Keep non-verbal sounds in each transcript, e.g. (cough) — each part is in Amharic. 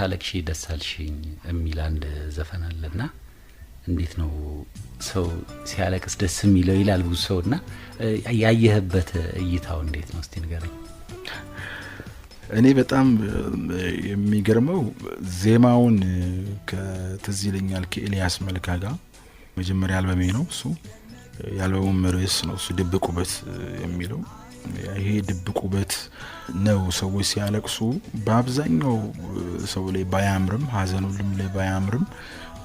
እስካለቅሼ ደስ አልሽኝ የሚል አንድ ዘፈን አለና እንዴት ነው ሰው ሲያለቅስ ደስ የሚለው ይላል ብዙ ሰው እና ያየህበት እይታው እንዴት ነው እስቲ ንገረኝ። እኔ በጣም የሚገርመው ዜማውን ከትዝ ይለኛል ከኤልያስ መልካ ጋር መጀመሪያ አልበሜ ነው እሱ የአልበሙም ርዕስ ነው እሱ ድብቁበት የሚለው ይሄ ድብቅ ውበት ነው። ሰዎች ሲያለቅሱ በአብዛኛው ሰው ላይ ባያምርም፣ ሀዘን ሁሉም ላይ ባያምርም፣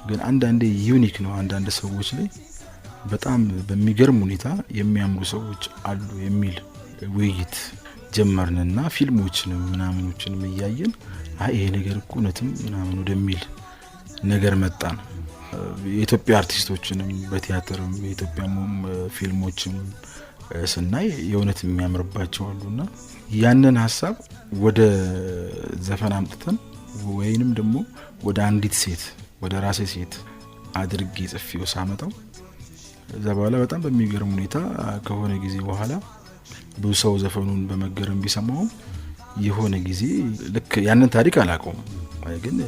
ግን አንዳንዴ ዩኒክ ነው። አንዳንድ ሰዎች ላይ በጣም በሚገርም ሁኔታ የሚያምሩ ሰዎች አሉ የሚል ውይይት ጀመርንና ፊልሞችንም ምናምኖችንም እያየን ይሄ ነገር እኮ እውነትም ምናምን ወደሚል ነገር መጣን። የኢትዮጵያ አርቲስቶችንም በቲያትርም የኢትዮጵያ ፊልሞችም ስናይ የእውነት የሚያምርባቸው አሉና ያንን ሀሳብ ወደ ዘፈን አምጥተን ወይንም ደግሞ ወደ አንዲት ሴት ወደ ራሴ ሴት አድርጌ ጽፌው ሳመጣው እዛ በኋላ በጣም በሚገርም ሁኔታ ከሆነ ጊዜ በኋላ ብዙ ሰው ዘፈኑን በመገረም ቢሰማውም የሆነ ጊዜ ልክ ያንን ታሪክ አላውቀውም፣ ግን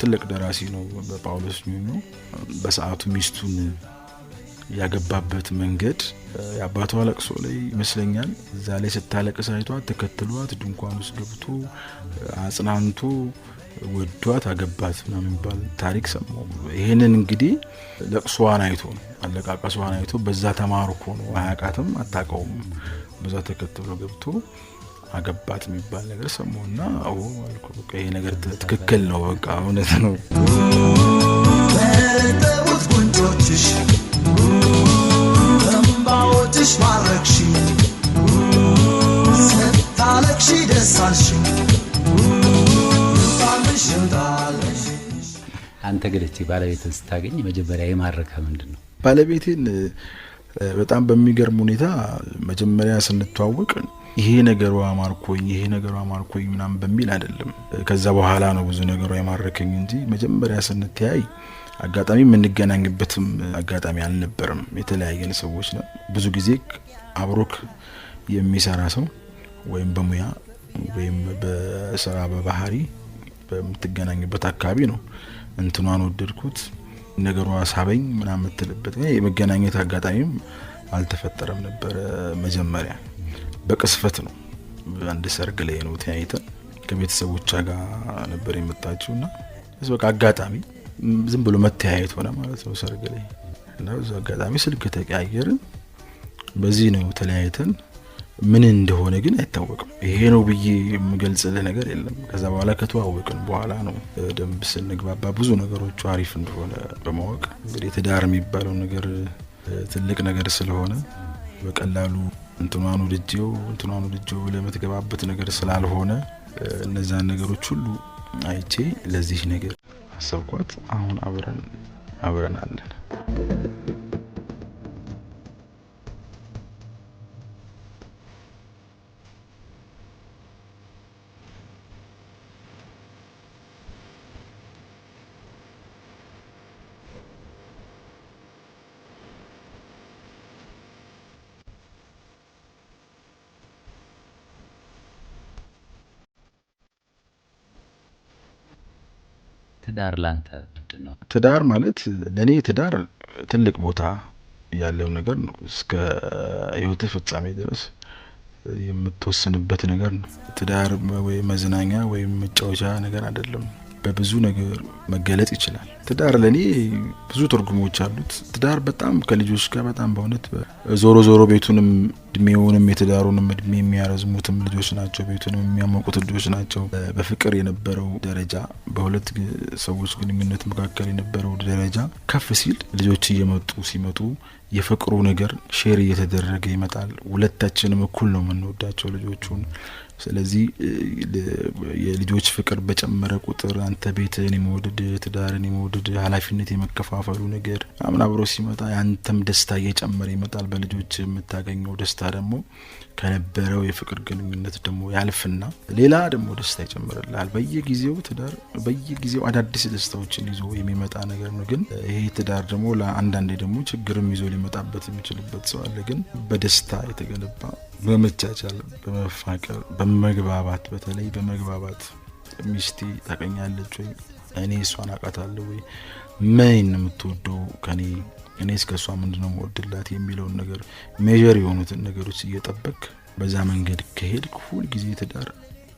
ትልቅ ደራሲ ነው፣ በጳውሎስ ነው። በሰዓቱ ሚስቱን ያገባበት መንገድ የአባቷ ለቅሶ ላይ ይመስለኛል። እዛ ላይ ስታለቅስ አይቷት ተከትሏት ድንኳን ውስጥ ገብቶ አጽናንቶ ወዷት አገባት የሚባል ታሪክ ሰማሁ። ይህንን እንግዲህ ለቅሷን አይቶ ነው አለቃቀሷን አይቶ በዛ ተማርኮ ነው። አያቃትም፣ አታቀውም። በዛ ተከትሎ ገብቶ አገባት የሚባል ነገር ሰማሁ እና ይሄ ነገር ትክክል ነው፣ በቃ እውነት ነው። በእንባዎችሽ ማረክሽ አንተ ግን እቺ ባለቤትን ስታገኝ መጀመሪያ የማረከ ምንድን ነው? ባለቤቴን በጣም በሚገርም ሁኔታ መጀመሪያ ስንተዋወቅ ይሄ ነገሯ አማርኮኝ ይሄ ነገሯ ማርኮኝ ምናምን በሚል አይደለም። ከዛ በኋላ ነው ብዙ ነገሯ የማረከኝ እንጂ መጀመሪያ ስንተያይ አጋጣሚ የምንገናኝበትም አጋጣሚ አልነበረም። የተለያየን ሰዎች ነው። ብዙ ጊዜ አብሮክ የሚሰራ ሰው ወይም በሙያ ወይም በስራ በባህሪ በምትገናኝበት አካባቢ ነው እንትኗን ወደድኩት ነገሯ ሳበኝ ምና የምትልበት የመገናኘት አጋጣሚም አልተፈጠረም ነበረ። መጀመሪያ በቅስፈት ነው። አንድ ሰርግ ላይ ነው ተያይተን ከቤተሰቦቿ ጋር ነበር የመጣችው እና በቃ አጋጣሚ ዝም ብሎ መተያየት ሆነ ማለት ነው ሰርግ ላይ እና ብዙ አጋጣሚ ስልክ ተቀያየርን። በዚህ ነው ተለያይተን ምን እንደሆነ ግን አይታወቅም። ይሄ ነው ብዬ የምገልጽልህ ነገር የለም። ከዛ በኋላ ከተዋወቅን በኋላ ነው ደንብ ስንግባባ ብዙ ነገሮቹ አሪፍ እንደሆነ በማወቅ እንግዲህ ትዳር የሚባለው ነገር ትልቅ ነገር ስለሆነ በቀላሉ እንትኗን ውድጄው እንትኗን ውድጄው ለምትገባበት ነገር ስላልሆነ እነዛን ነገሮች ሁሉ አይቼ ለዚህ ነገር አሰብኳት። አሁን አብረን አብረን አለን። ትዳር ላንተ ምንድን ነው? ትዳር ማለት ለእኔ ትዳር ትልቅ ቦታ ያለው ነገር ነው። እስከ ህይወትህ ፍጻሜ ድረስ የምትወስንበት ነገር ነው። ትዳር ወይ መዝናኛ ወይም መጫወቻ ነገር አይደለም። በብዙ ነገር መገለጽ ይችላል። ትዳር ለእኔ ብዙ ትርጉሞች አሉት። ትዳር በጣም ከልጆች ጋር በጣም በእውነት ዞሮ ዞሮ ቤቱንም እድሜውንም የትዳሩንም እድሜ የሚያረዝሙትም ልጆች ናቸው። ቤቱንም የሚያሞቁት ልጆች ናቸው። በፍቅር የነበረው ደረጃ በሁለት ሰዎች ግንኙነት መካከል የነበረው ደረጃ ከፍ ሲል ልጆች እየመጡ ሲመጡ የፍቅሩ ነገር ሼር እየተደረገ ይመጣል። ሁለታችንም እኩል ነው የምንወዳቸው ልጆቹን ስለዚህ የልጆች ፍቅር በጨመረ ቁጥር አንተ ቤትን የመውደድ ትዳርን የመውደድ ኃላፊነት የመከፋፈሉ ነገር አምና አብሮ ሲመጣ የአንተም ደስታ እየጨመረ ይመጣል። በልጆች የምታገኘው ደስታ ደግሞ ከነበረው የፍቅር ግንኙነት ደግሞ ያልፍና ሌላ ደግሞ ደስታ ይጨምርልሃል። በየጊዜው ትዳር በየጊዜው አዳዲስ ደስታዎችን ይዞ የሚመጣ ነገር ነው። ግን ይሄ ትዳር ደግሞ ለአንዳንዴ ደግሞ ችግርም ይዞ ሊመጣበት የሚችልበት ሰው አለ። ግን በደስታ የተገነባ በመቻቻል፣ በመፋቀር፣ በመግባባት በተለይ በመግባባት ሚስቴ ታቀኛለች ወይ እኔ እሷን አቃታለሁ ወይ ምን የምትወደው ከኔ እኔ እስከ እሷ ምንድነው መወድላት የሚለውን ነገር ሜር የሆኑትን ነገሮች እየጠበቅ በዛ መንገድ ሁል ጊዜ ትዳር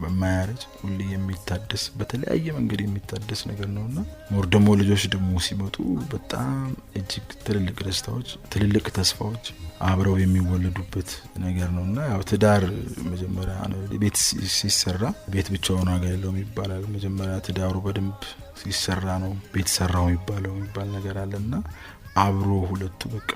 በማያረጅ ሁሌ የሚታደስ በተለያየ መንገድ የሚታደስ ነገር ነው እና ሞር ደግሞ ልጆች ደግሞ ሲመጡ በጣም እጅግ ትልልቅ ደስታዎች፣ ትልልቅ ተስፋዎች አብረው የሚወለዱበት ነገር ነው እና ያው ትዳር መጀመሪያ ቤት ሲሰራ ቤት ብቻውን ዋጋ የለውም ይባላል። መጀመሪያ ትዳሩ በደንብ ሲሰራ ነው ቤት ሰራው የሚባለው የሚባል ነገር አለ እና አብሮ ሁለቱ በቃ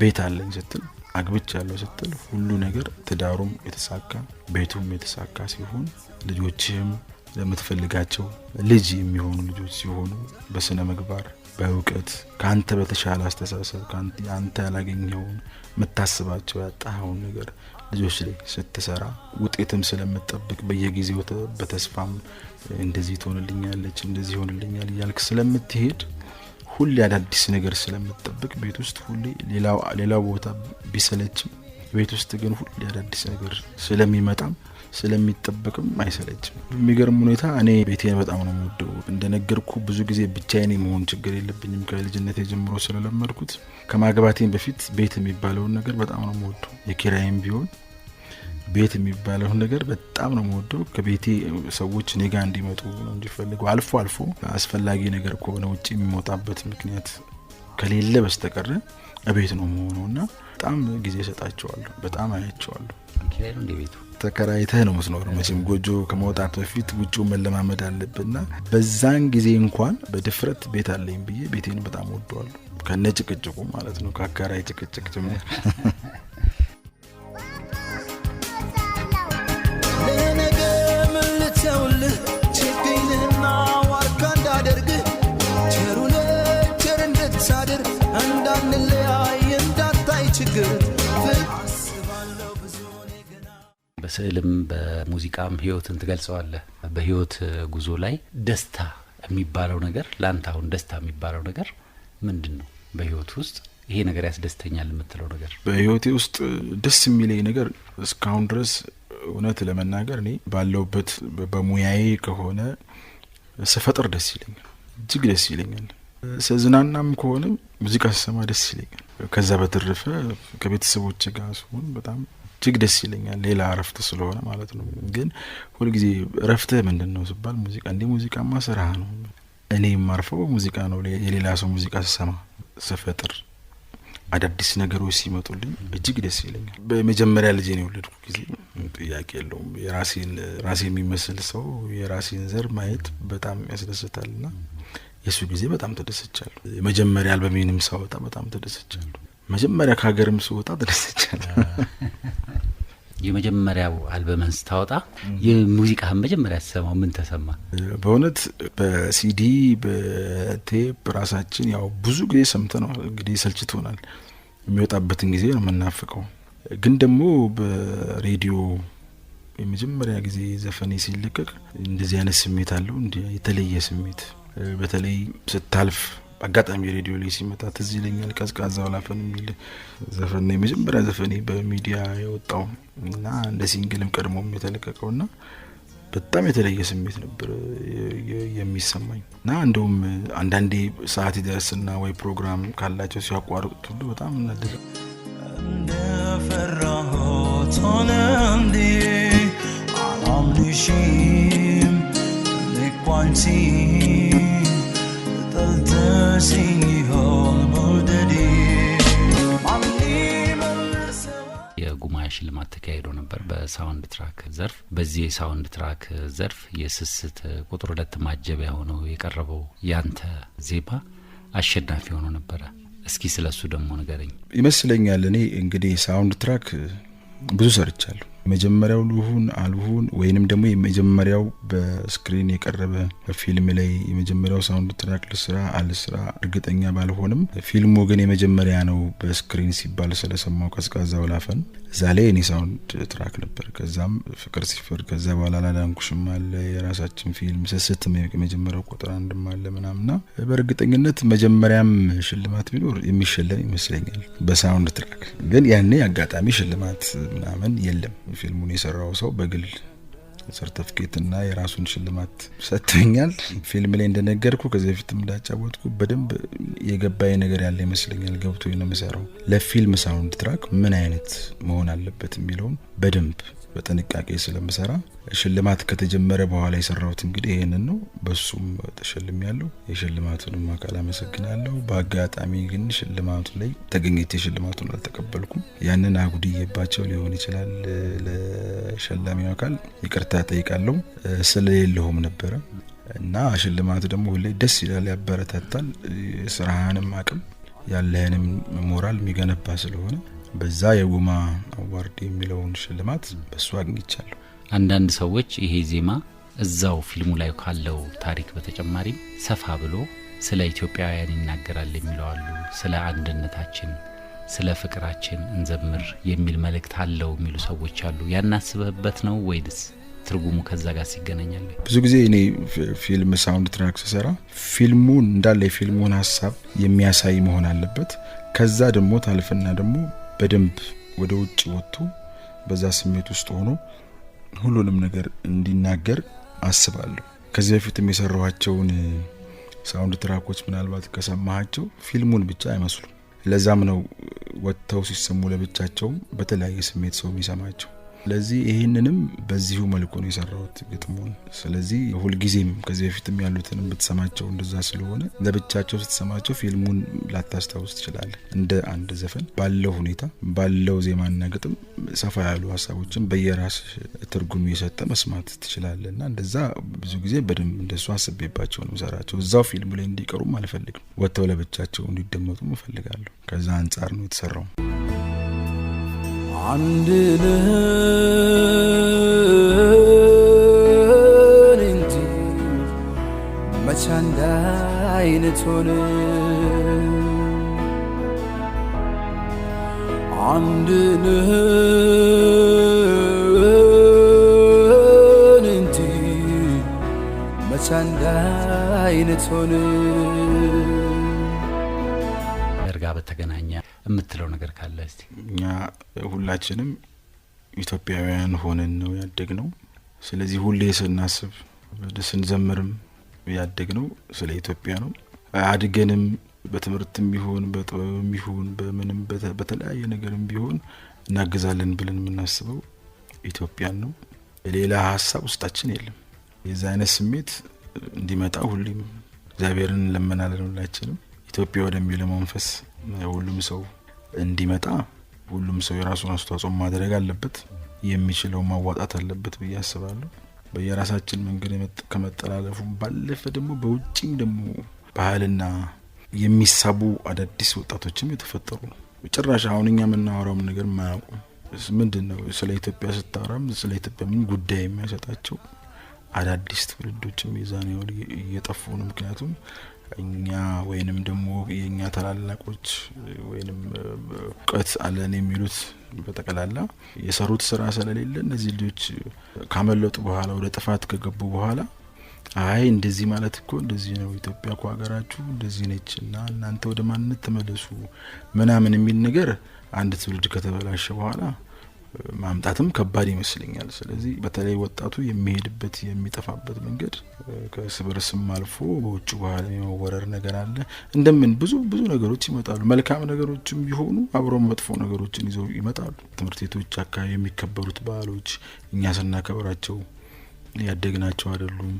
ቤት አለኝ ስትል አግብቻ ያለው ስትል ሁሉ ነገር ትዳሩም የተሳካ ቤቱም የተሳካ ሲሆን ልጆችህም ለምትፈልጋቸው ልጅ የሚሆኑ ልጆች ሲሆኑ በስነ ምግባር በእውቀት ከአንተ በተሻለ አስተሳሰብ አንተ ያላገኘውን የምታስባቸው ያጣኸውን ነገር ልጆች ላይ ስትሰራ ውጤትም ስለምጠብቅ በየጊዜው በተስፋም እንደዚህ ትሆንልኛለች እንደዚህ ይሆንልኛል እያልክ ስለምትሄድ ሁሌ አዳዲስ ነገር ስለምጠብቅ ቤት ውስጥ ሁሌ ሌላ ቦታ ቢሰለችም ቤት ውስጥ ግን ሁሌ አዳዲስ ነገር ስለሚመጣም ስለሚጠበቅም አይሰለችም። በሚገርም ሁኔታ እኔ ቤቴን በጣም ነው የምወደው። እንደነገርኩ ብዙ ጊዜ ብቻዬን መሆን ችግር የለብኝም ከልጅነት ጀምሮ ስለለመድኩት። ከማግባቴን በፊት ቤት የሚባለውን ነገር በጣም ነው የምወደው የኪራይም ቢሆን ቤት የሚባለውን ነገር በጣም ነው መወደው። ከቤቴ ሰዎች እኔ እንዲመጡ ነው እንዲፈልገው። አልፎ አልፎ አስፈላጊ ነገር ከሆነ ውጭ የሚወጣበት ምክንያት ከሌለ በስተቀረ ቤት ነው መሆነው እና በጣም ጊዜ እሰጣቸዋለሁ። በጣም አያቸዋለሁ። ተከራይተህ ነው የምትኖረው። መቼም ጎጆ ከመውጣት በፊት ውጭው መለማመድ አለብና በዛን ጊዜ እንኳን በድፍረት ቤት አለኝ ብዬ ቤቴን በጣም ወደዋለሁ። ከነ ጭቅጭቁ ማለት ነው፣ ከአከራይ ጭቅጭቅ ጭምር በስዕልም በሙዚቃም ህይወትን ትገልጸዋለህ። በህይወት ጉዞ ላይ ደስታ የሚባለው ነገር ለአንተ አሁን ደስታ የሚባለው ነገር ምንድን ነው? በህይወት ውስጥ ይሄ ነገር ያስደስተኛል የምትለው ነገር? በህይወቴ ውስጥ ደስ የሚለኝ ነገር እስካሁን ድረስ እውነት ለመናገር እኔ ባለውበት በሙያዬ ከሆነ ስፈጥር ደስ ይለኛል፣ እጅግ ደስ ይለኛል። ስዝናናም ከሆነ ሙዚቃ ስሰማ ደስ ይለኛል። ከዛ በተረፈ ከቤተሰቦች ጋር ሲሆን በጣም እጅግ ደስ ይለኛል። ሌላ እረፍት ስለሆነ ማለት ነው። ግን ሁልጊዜ እረፍትህ ምንድን ነው ስባል ሙዚቃ እንዲህ ሙዚቃማ ስራህ ነው። እኔ የማርፈው ሙዚቃ ነው። የሌላ ሰው ሙዚቃ ስሰማ፣ ስፈጥር፣ አዳዲስ ነገሮች ሲመጡልኝ እጅግ ደስ ይለኛል። በመጀመሪያ ነው የወለድኩ ጊዜ ጥያቄ የለውም የራሴን ራሴ የሚመስል ሰው የራሴን ዘር ማየት በጣም ና የእሱ ጊዜ በጣም ተደስቻለሁ። የመጀመሪያ አልበሜንም ሳወጣ በጣም ተደስቻለሁ። መጀመሪያ ከሀገርም ስወጣ ተደስቻለ። (laughs) የመጀመሪያው አልበመን ስታወጣ የሙዚቃህን መጀመሪያ ስሰማው ምን ተሰማ? በእውነት በሲዲ በቴፕ ራሳችን ያው ብዙ ጊዜ ሰምተነዋል። እንግዲህ ሆናል። የሚወጣበትን ጊዜ ነው የምናፍቀው። ግን ደግሞ በሬዲዮ የመጀመሪያ ጊዜ ዘፈኔ ሲለቀቅ እንደዚህ አይነት ስሜት አለው፣ የተለየ ስሜት በተለይ ስታልፍ በአጋጣሚ ሬዲዮ ላይ ሲመጣ ትዝ ይለኛል። ቀዝቃዛው ላፈን የሚል ዘፈን ነው የመጀመሪያ ዘፈን በሚዲያ የወጣው እና እንደ ሲንግልም ቀድሞም የተለቀቀው እና በጣም የተለየ ስሜት ነበር የሚሰማኝ እና እንደውም አንዳንዴ ሰዓት ይደርስና ወይ ፕሮግራም ካላቸው ሲያቋርጡት ሁሉ በጣም እናደለ እንደፈራሁት ሆነ እንዴ አላምንሽም ልኳንሲ የጉማያ ሽልማት ተካሂዶ ነበር በሳውንድ ትራክ ዘርፍ። በዚህ የሳውንድ ትራክ ዘርፍ የስስት ቁጥር ሁለት ማጀቢያ ሆኖ የቀረበው ያንተ ዜማ አሸናፊ ሆኖ ነበረ። እስኪ ስለሱ ደግሞ ንገረኝ። ይመስለኛል እኔ እንግዲህ ሳውንድ ትራክ ብዙ ሰርቻለሁ የመጀመሪያው ልሁን አልሁን ወይንም ደግሞ የመጀመሪያው በስክሪን የቀረበ ፊልም ላይ የመጀመሪያው ሳውንድ ትራክ ልስራ አልስራ እርግጠኛ ባልሆንም ፊልሙ ግን የመጀመሪያ ነው በስክሪን ሲባል ስለሰማው ቀዝቃዛው ላፈን እዛ ላይ እኔ ሳውንድ ትራክ ነበር። ከዛም ፍቅር ሲፈር፣ ከዛ በኋላ ላዳንኩሽም አለ የራሳችን ፊልም ስስት የመጀመሪያው ቁጥር አንድም አለ ምናምና በእርግጠኝነት መጀመሪያም ሽልማት ቢኖር የሚሸለም ይመስለኛል በሳውንድ ትራክ። ግን ያኔ አጋጣሚ ሽልማት ምናምን የለም። ፊልሙን የሰራው ሰው በግል ሰርተፍኬት እና የራሱን ሽልማት ሰጥቶኛል። ፊልም ላይ እንደነገርኩ ከዚህ በፊት እንዳጫወትኩ በደንብ የገባኝ ነገር ያለ ይመስለኛል። ገብቶ ነው የምሰራው። ለፊልም ሳውንድ ትራክ ምን አይነት መሆን አለበት የሚለውን በደንብ በጥንቃቄ ስለምሰራ ሽልማት ከተጀመረ በኋላ የሰራሁት እንግዲህ ይህንን ነው። በሱም ተሸልም ያለው የሽልማቱንም አካል አመሰግናለሁ። በአጋጣሚ ግን ሽልማቱ ላይ ተገኘት የሽልማቱን አልተቀበልኩም። ያንን አጉድዬባቸው ሊሆን ይችላል። ለሸላሚው አካል ይቅርታ ጠይቃለሁ። ስለሌለሁም ነበረ እና ሽልማቱ ደግሞ ሁሌ ደስ ይላል፣ ያበረታታል። ስራህንም አቅም ያለህንም ሞራል የሚገነባ ስለሆነ በዛ የጉማ አዋርድ የሚለውን ሽልማት በሱ አግኝቻለሁ። አንዳንድ ሰዎች ይሄ ዜማ እዛው ፊልሙ ላይ ካለው ታሪክ በተጨማሪ ሰፋ ብሎ ስለ ኢትዮጵያውያን ይናገራል የሚለዋሉ። ስለ አንድነታችን፣ ስለ ፍቅራችን እንዘምር የሚል መልእክት አለው የሚሉ ሰዎች አሉ። ያናስበህበት ነው ወይድስ ትርጉሙ ከዛ ጋር ሲገናኛል? ብዙ ጊዜ እኔ ፊልም ሳውንድ ትራክ ስሰራ ፊልሙን እንዳለ የፊልሙን ሀሳብ የሚያሳይ መሆን አለበት። ከዛ ደግሞ ታልፍና ደግሞ በደንብ ወደ ውጭ ወጥቶ በዛ ስሜት ውስጥ ሆኖ ሁሉንም ነገር እንዲናገር አስባለሁ። ከዚህ በፊትም የሰራኋቸውን ሳውንድ ትራኮች ምናልባት ከሰማሃቸው ፊልሙን ብቻ አይመስሉም። ለዛም ነው ወጥተው ሲሰሙ ለብቻቸውም በተለያየ ስሜት ሰው የሚሰማቸው። ስለዚህ ይህንንም በዚሁ መልኩ ነው የሰራሁት ግጥሙን። ስለዚህ ሁልጊዜም ከዚህ በፊትም ያሉትንም ብትሰማቸው እንደዛ ስለሆነ ለብቻቸው ስትሰማቸው ፊልሙን ላታስታውስ ትችላለ። እንደ አንድ ዘፈን ባለው ሁኔታ ባለው ዜማና ግጥም ሰፋ ያሉ ሀሳቦችን በየራስ ትርጉም የሰጠ መስማት ትችላለ እና እንደዛ ብዙ ጊዜ በደንብ እንደሱ አስቤባቸው ነው ሰራቸው። እዛው ፊልሙ ላይ እንዲቀሩም አልፈልግም፣ ወጥተው ለብቻቸው እንዲደመጡም እፈልጋለሁ። ከዛ አንጻር ነው የተሰራው። አንድ ልህን እንጂ መቼ አንድ አይነት ሆነ። አንድ ልህን እንጂ መቼ አንድ አይነት ሆነ። ደርጋ በተገናኘ የምትለው ነገር ካለ እስቲ። እኛ ሁላችንም ኢትዮጵያውያን ሆነን ነው ያደግ ነው። ስለዚህ ሁሌ ስናስብ ስንዘምርም ያደግ ነው ስለ ኢትዮጵያ ነው። አድገንም በትምህርትም ቢሆን በጥበብም ቢሆን በምንም በተለያየ ነገርም ቢሆን እናግዛለን ብለን የምናስበው ኢትዮጵያን ነው። ሌላ ሀሳብ ውስጣችን የለም። የዚ አይነት ስሜት እንዲመጣ ሁሌም እግዚአብሔርን እንለመናለን ሁላችንም። ኢትዮጵያ ወደሚለው መንፈስ ሁሉም ሰው እንዲመጣ ሁሉም ሰው የራሱን አስተዋጽኦ ማድረግ አለበት፣ የሚችለው ማዋጣት አለበት ብዬ አስባለሁ። በየራሳችን መንገድ ከመጠላለፉ ባለፈ ደግሞ በውጭም ደግሞ ባህልና የሚሳቡ አዳዲስ ወጣቶችም የተፈጠሩ ነው። ጭራሽ አሁን እኛ የምናወራውም ነገር የማያውቁ ምንድን ነው ስለ ኢትዮጵያ ስታወራም ስለ ኢትዮጵያ ምን ጉዳይ የሚያሰጣቸው አዳዲስ ትውልዶችም የዛኔ እየጠፉ ነው። ምክንያቱም እኛ ወይንም ደግሞ የእኛ ታላላቆች ወይንም እውቀት አለን የሚሉት በጠቅላላ የሰሩት ስራ ስለሌለ እነዚህ ልጆች ካመለጡ በኋላ ወደ ጥፋት ከገቡ በኋላ አይ እንደዚህ ማለት እኮ እንደዚህ ነው፣ ኢትዮጵያ እኮ ሀገራችሁ እንደዚህ ነች እና እናንተ ወደ ማንነት ተመለሱ ምናምን የሚል ነገር አንድ ትውልድ ከተበላሸ በኋላ ማምጣትም ከባድ ይመስለኛል። ስለዚህ በተለይ ወጣቱ የሚሄድበት የሚጠፋበት መንገድ ከስብርስም አልፎ በውጭ ባህል የመወረር ነገር አለ። እንደምን ብዙ ብዙ ነገሮች ይመጣሉ። መልካም ነገሮችም ቢሆኑ አብሮ መጥፎ ነገሮችን ይዘው ይመጣሉ። ትምህርት ቤቶች አካባቢ የሚከበሩት ባህሎች እኛ ስናከብራቸው ያደግናቸው አይደሉም፣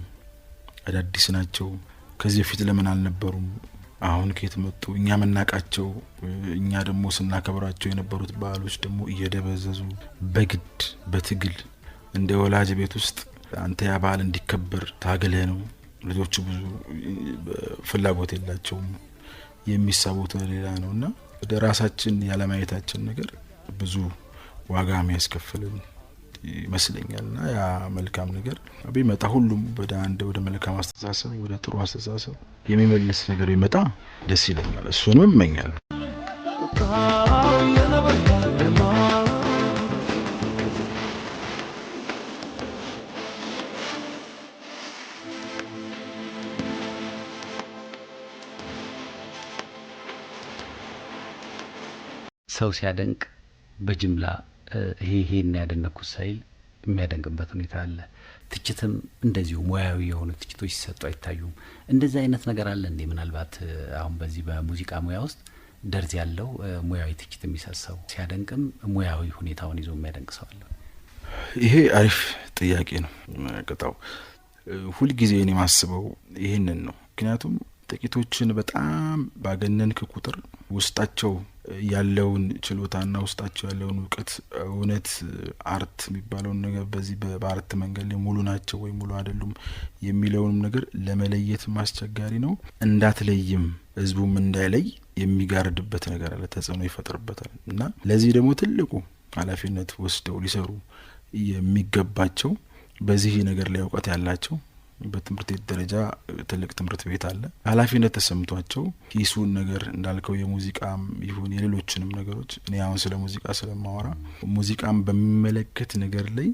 አዳዲስ ናቸው። ከዚህ በፊት ለምን አልነበሩም? አሁን ከየት መጡ? እኛ መናቃቸው እኛ ደግሞ ስናከብራቸው የነበሩት ባህሎች ደግሞ እየደበዘዙ በግድ በትግል እንደ ወላጅ ቤት ውስጥ አንተ ያ ባህል እንዲከበር ታግለህ ነው። ልጆቹ ብዙ ፍላጎት የላቸውም፣ የሚሳቡት ሌላ ነው እና ወደ ራሳችን ያለማየታችን ነገር ብዙ ዋጋ የሚያስከፍልን ይመስለኛል እና ያ መልካም ነገር ቢመጣ ሁሉም ወደ አንድ ወደ መልካም አስተሳሰብ ወደ ጥሩ አስተሳሰብ የሚመልስ ነገር ይመጣ ደስ ይለኛል። እሱንም እመኛለሁ። ሰው ሲያደንቅ በጅምላ ይሄ ይሄን ያደነኩት ሳይል የሚያደንቅበት ሁኔታ አለ። ትችትም እንደዚሁ ሙያዊ የሆኑ ትችቶች ሲሰጡ አይታዩም። እንደዚህ አይነት ነገር አለ እንዴ? ምናልባት አሁን በዚህ በሙዚቃ ሙያ ውስጥ ደርዝ ያለው ሙያዊ ትችት የሚሰሰው ሲያደንቅም ሙያዊ ሁኔታውን ይዞ የሚያደንቅ ሰው አለ። ይሄ አሪፍ ጥያቄ ነው። ቅጣው ሁልጊዜ እኔ ማስበው ይህንን ነው። ምክንያቱም ጥቂቶችን በጣም ባገነንክ ቁጥር ውስጣቸው ያለውን ችሎታና ውስጣቸው ያለውን እውቀት እውነት አርት የሚባለውን ነገር በዚህ በአርት መንገድ ላይ ሙሉ ናቸው ወይ ሙሉ አይደሉም የሚለውንም ነገር ለመለየትም አስቸጋሪ ነው። እንዳትለይም ህዝቡም እንዳይለይ የሚጋርድበት ነገር አለ፣ ተጽዕኖ ይፈጥርበታል። እና ለዚህ ደግሞ ትልቁ ኃላፊነት ወስደው ሊሰሩ የሚገባቸው በዚህ ነገር ላይ እውቀት ያላቸው በትምህርት ቤት ደረጃ ትልቅ ትምህርት ቤት አለ። ኃላፊነት ተሰምቷቸው ሂሱን ነገር እንዳልከው የሙዚቃም ይሁን የሌሎችንም ነገሮች እኔ አሁን ስለ ሙዚቃ ስለማወራ ሙዚቃም በሚመለከት ነገር ላይ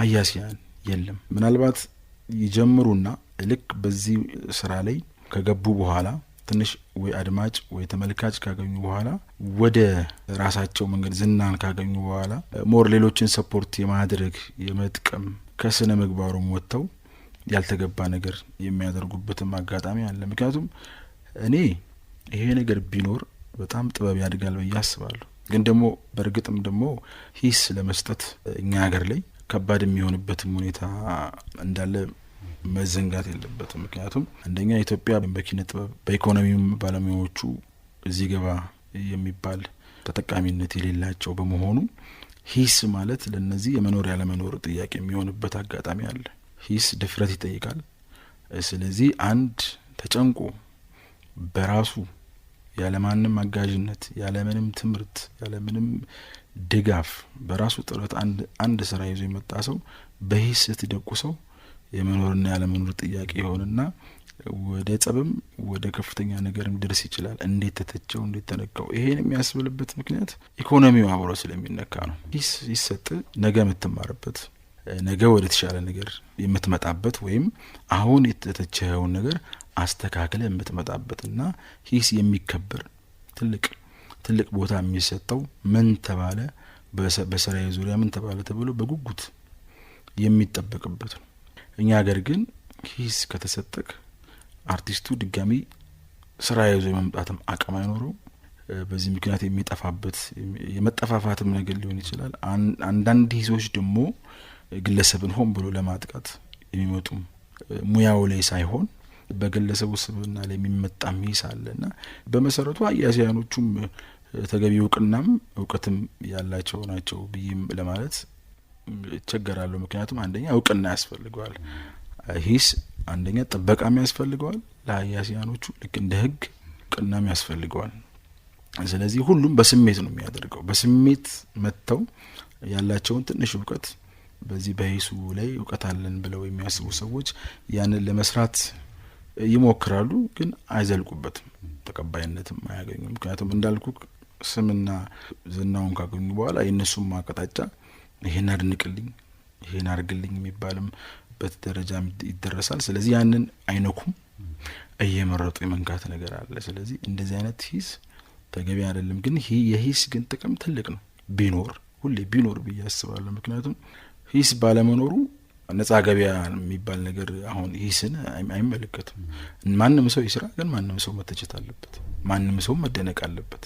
ሀያሲያን የለም። ምናልባት ይጀምሩና ልክ በዚህ ስራ ላይ ከገቡ በኋላ ትንሽ ወይ አድማጭ ወይ ተመልካች ካገኙ በኋላ ወደ ራሳቸው መንገድ ዝናን ካገኙ በኋላ ሞር ሌሎችን ሰፖርት የማድረግ የመጥቀም ከስነ ምግባሩም ወጥተው ያልተገባ ነገር የሚያደርጉበትም አጋጣሚ አለ። ምክንያቱም እኔ ይሄ ነገር ቢኖር በጣም ጥበብ ያድጋል ብዬ አስባለሁ። ግን ደግሞ በእርግጥም ደግሞ ሂስ ለመስጠት እኛ ሀገር ላይ ከባድ የሚሆንበትም ሁኔታ እንዳለ መዘንጋት የለበትም። ምክንያቱም አንደኛ ኢትዮጵያ በኪነ ጥበብ በኢኮኖሚም ባለሙያዎቹ እዚህ ገባ የሚባል ተጠቃሚነት የሌላቸው በመሆኑ ሂስ ማለት ለነዚህ የመኖር ያለመኖር ጥያቄ የሚሆንበት አጋጣሚ አለ። ሂስ ድፍረት ይጠይቃል። ስለዚህ አንድ ተጨንቆ በራሱ ያለማንም አጋዥነት ያለምንም ትምህርት ያለምንም ድጋፍ በራሱ ጥረት አንድ ስራ ይዞ የመጣ ሰው በሂስ ስትደቁ ሰው የመኖርና ያለመኖር ጥያቄ የሆንና ወደ ጸብም ወደ ከፍተኛ ነገርም ድርስ ይችላል። እንዴት ተተቸው፣ እንዴት ተነካው? ይሄን የሚያስብልበት ምክንያት ኢኮኖሚው አብሮ ስለሚነካ ነው። ሂስ ይሰጥ ነገ የምትማርበት ነገ ወደ ተሻለ ነገር የምትመጣበት ወይም አሁን የተተቸኸውን ነገር አስተካክለ የምትመጣበትና ሂስ የሚከበር ትልቅ ትልቅ ቦታ የሚሰጠው ምን ተባለ በስራዬ ዙሪያ ምን ተባለ ተብሎ በጉጉት የሚጠበቅበት ነው። እኛ ሀገር ግን ሂስ ከተሰጠቅ አርቲስቱ ድጋሚ ስራ ይዞ የመምጣትም አቅም አይኖረው። በዚህ ምክንያት የሚጠፋበት የመጠፋፋትም ነገር ሊሆን ይችላል። አንዳንድ ሂሶች ደግሞ ግለሰብን ሆን ብሎ ለማጥቃት የሚመጡም ሙያው ላይ ሳይሆን በግለሰቡ ስብና ላይ የሚመጣ ሚስ ና በመሰረቱ አያሲያኖቹም ተገቢ እውቅናም እውቀትም ያላቸው ናቸው ብይም ለማለት ይቸገራለሁ። ምክንያቱም አንደኛ እውቅና ያስፈልገዋል። ሂስ አንደኛ ጥበቃም ያስፈልገዋል ለአያሲያኖቹ ልክ እንደ ህግ እውቅናም ያስፈልገዋል። ስለዚህ ሁሉም በስሜት ነው የሚያደርገው። በስሜት መጥተው ያላቸውን ትንሽ እውቀት በዚህ በሂሱ ላይ እውቀት አለን ብለው የሚያስቡ ሰዎች ያንን ለመስራት ይሞክራሉ፣ ግን አይዘልቁበትም፣ ተቀባይነትም አያገኙም። ምክንያቱም እንዳልኩ ስምና ዝናውን ካገኙ በኋላ የእነሱም አቅጣጫ ይህን አድንቅልኝ፣ ይህን አድርግልኝ የሚባልበት ደረጃ ይደረሳል። ስለዚህ ያንን አይነኩም፣ እየመረጡ የመንካት ነገር አለ። ስለዚህ እንደዚህ አይነት ሂስ ተገቢ አይደለም። ግን የሂስ ግን ጥቅም ትልቅ ነው ቢኖር ሁሌ ቢኖር ብዬ አስባለሁ ምክንያቱም ሂስ ባለመኖሩ ነጻ ገበያ የሚባል ነገር አሁን ሂስን አይመለከትም። ማንም ሰው ይስራ፣ ግን ማንም ሰው መተቸት አለበት። ማንም ሰው መደነቅ አለበት።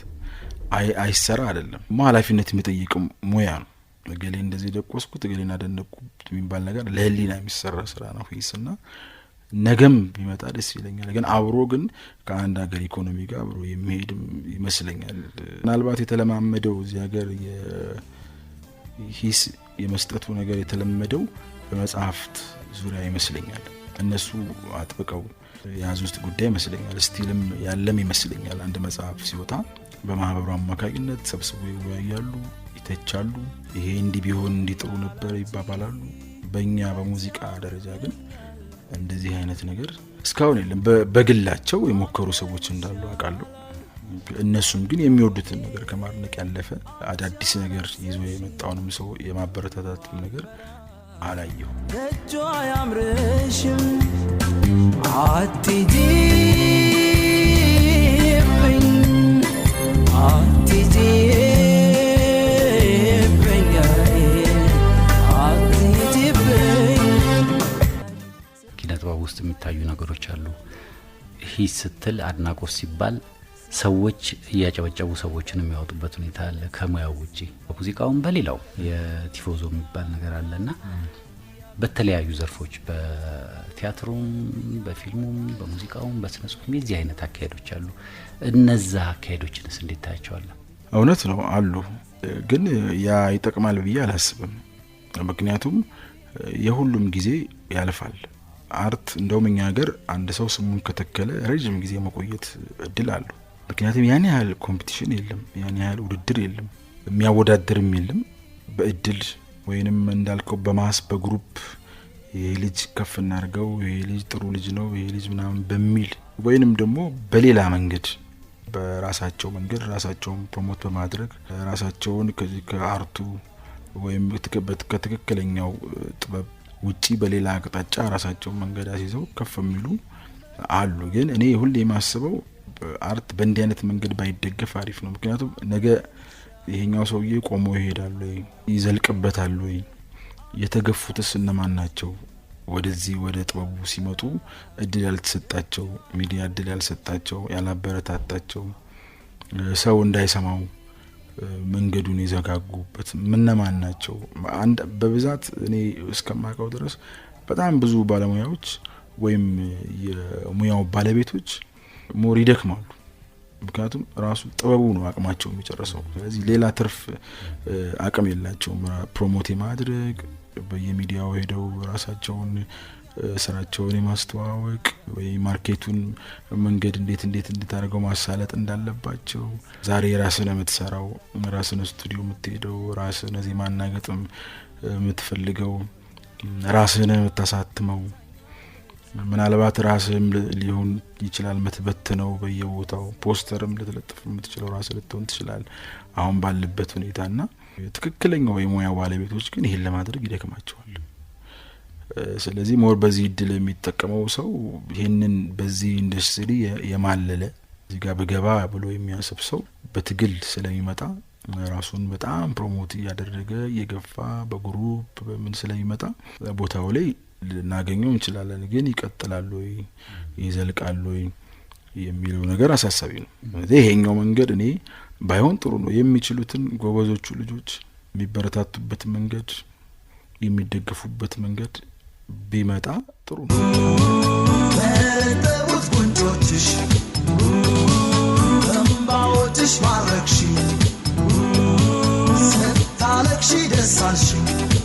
አይሰራ አይደለም ሞ ኃላፊነት የሚጠይቅ ሙያ ነው። እገሌ እንደዚህ ደቆስኩት እገሌን አደነቅኩት የሚባል ነገር ለህሊና የሚሰራ ስራ ነው ሂስ እና ነገም ቢመጣ ደስ ይለኛል። ግን አብሮ ግን ከአንድ ሀገር ኢኮኖሚ ጋር አብሮ የሚሄድም ይመስለኛል። ምናልባት የተለማመደው እዚህ ሀገር የሂስ የመስጠቱ ነገር የተለመደው በመጽሐፍት ዙሪያ ይመስለኛል። እነሱ አጥብቀው የያዙት ጉዳይ ይመስለኛል። ስቲልም ያለም ይመስለኛል። አንድ መጽሐፍ ሲወጣ በማህበሩ አማካኝነት ሰብስቦ ይወያያሉ፣ ይተቻሉ። ይሄ እንዲህ ቢሆን እንዲጥሩ ነበር ይባባላሉ። በእኛ በሙዚቃ ደረጃ ግን እንደዚህ አይነት ነገር እስካሁን የለም። በግላቸው የሞከሩ ሰዎች እንዳሉ አውቃለሁ። እነሱም ግን የሚወዱትን ነገር ከማድነቅ ያለፈ አዳዲስ ነገር ይዞ የመጣውንም ሰው የማበረታታትን ነገር አላየሁ። ደጇ አያምርሽም አትጂብኝ ኪነጥበብ ውስጥ የሚታዩ ነገሮች አሉ። ይህ ስትል አድናቆት ሲባል ሰዎች እያጨበጨቡ ሰዎችን የሚያወጡበት ሁኔታ አለ። ከሙያው ውጭ ሙዚቃውም በሌላው የቲፎዞ የሚባል ነገር አለ እና በተለያዩ ዘርፎች በቲያትሩም፣ በፊልሙም፣ በሙዚቃውም፣ በስነ ጽሁፍም የዚህ አይነት አካሄዶች አሉ። እነዛ አካሄዶችንስ እንዴት ታያቸዋለን? እውነት ነው አሉ፣ ግን ያ ይጠቅማል ብዬ አላስብም። ምክንያቱም የሁሉም ጊዜ ያልፋል። አርት እንደውም እኛ ሀገር አንድ ሰው ስሙን ከተከለ ረዥም ጊዜ መቆየት እድል አለው። ምክንያቱም ያን ያህል ኮምፒቲሽን የለም፣ ያን ያህል ውድድር የለም፣ የሚያወዳድርም የለም። በእድል ወይንም እንዳልከው በማስ በግሩፕ ይሄ ልጅ ከፍ እናድርገው፣ ይሄ ልጅ ጥሩ ልጅ ነው፣ ይሄ ልጅ ምናምን በሚል ወይንም ደግሞ በሌላ መንገድ በራሳቸው መንገድ ራሳቸውን ፕሮሞት በማድረግ ራሳቸውን ከአርቱ ወይም ከትክክለኛው ጥበብ ውጪ በሌላ አቅጣጫ ራሳቸውን መንገድ አስይዘው ከፍ የሚሉ አሉ። ግን እኔ ሁሌ የማስበው አርት በእንዲህ አይነት መንገድ ባይደገፍ አሪፍ ነው። ምክንያቱም ነገ ይሄኛው ሰውዬ ቆሞ ይሄዳል ወይ ይዘልቅበታል ወይ የተገፉትስ እነማን ናቸው? ወደዚህ ወደ ጥበቡ ሲመጡ እድል ያልተሰጣቸው ሚዲያ እድል ያልሰጣቸው ያላበረታታቸው ሰው እንዳይሰማው መንገዱን የዘጋጉበት ምነማን ናቸው? አንድ በብዛት እኔ እስከማውቀው ድረስ በጣም ብዙ ባለሙያዎች ወይም የሙያው ባለቤቶች ሞር ይደክማሉ። ምክንያቱም ራሱ ጥበቡ ነው አቅማቸው የሚጨርሰው። ስለዚህ ሌላ ትርፍ አቅም የላቸውም። ፕሮሞት የማድረግ በየሚዲያው ሄደው ራሳቸውን ስራቸውን የማስተዋወቅ ወይ ማርኬቱን መንገድ እንዴት እንዴት እንድታደርገው ማሳለጥ እንዳለባቸው ዛሬ ራስን የምትሰራው ራስን ስቱዲዮ የምትሄደው ራስን ዜማ ማናገጥም የምትፈልገው ራስን የምታሳትመው ምናልባት ራስህም ሊሆን ይችላል ምትበትነው በየቦታው ፖስተርም ልትለጥፍ የምትችለው ራስ ልትሆን ትችላል። አሁን ባለበት ሁኔታ ና ትክክለኛው የሙያ ባለቤቶች ግን ይህን ለማድረግ ይደክማቸዋል። ስለዚህ ሞር በዚህ እድል የሚጠቀመው ሰው ይህንን በዚህ ኢንዱስትሪ የማለለ እዚህ ጋር ብገባ ብሎ የሚያስብ ሰው በትግል ስለሚመጣ ራሱን በጣም ፕሮሞት እያደረገ እየገፋ በግሩፕ በምን ስለሚመጣ ቦታው ላይ ልናገኘው እንችላለን። ግን ይቀጥላሉ ወይ ይዘልቃሉ ወይ የሚለው ነገር አሳሳቢ ነው። ይሄኛው መንገድ እኔ ባይሆን ጥሩ ነው። የሚችሉትን ጎበዞቹ ልጆች የሚበረታቱበት መንገድ፣ የሚደገፉበት መንገድ ቢመጣ ጥሩ ነው። በረጠቡት እምባዎችሽ ማረግሽ ስታለቅሺ ደሳልሽ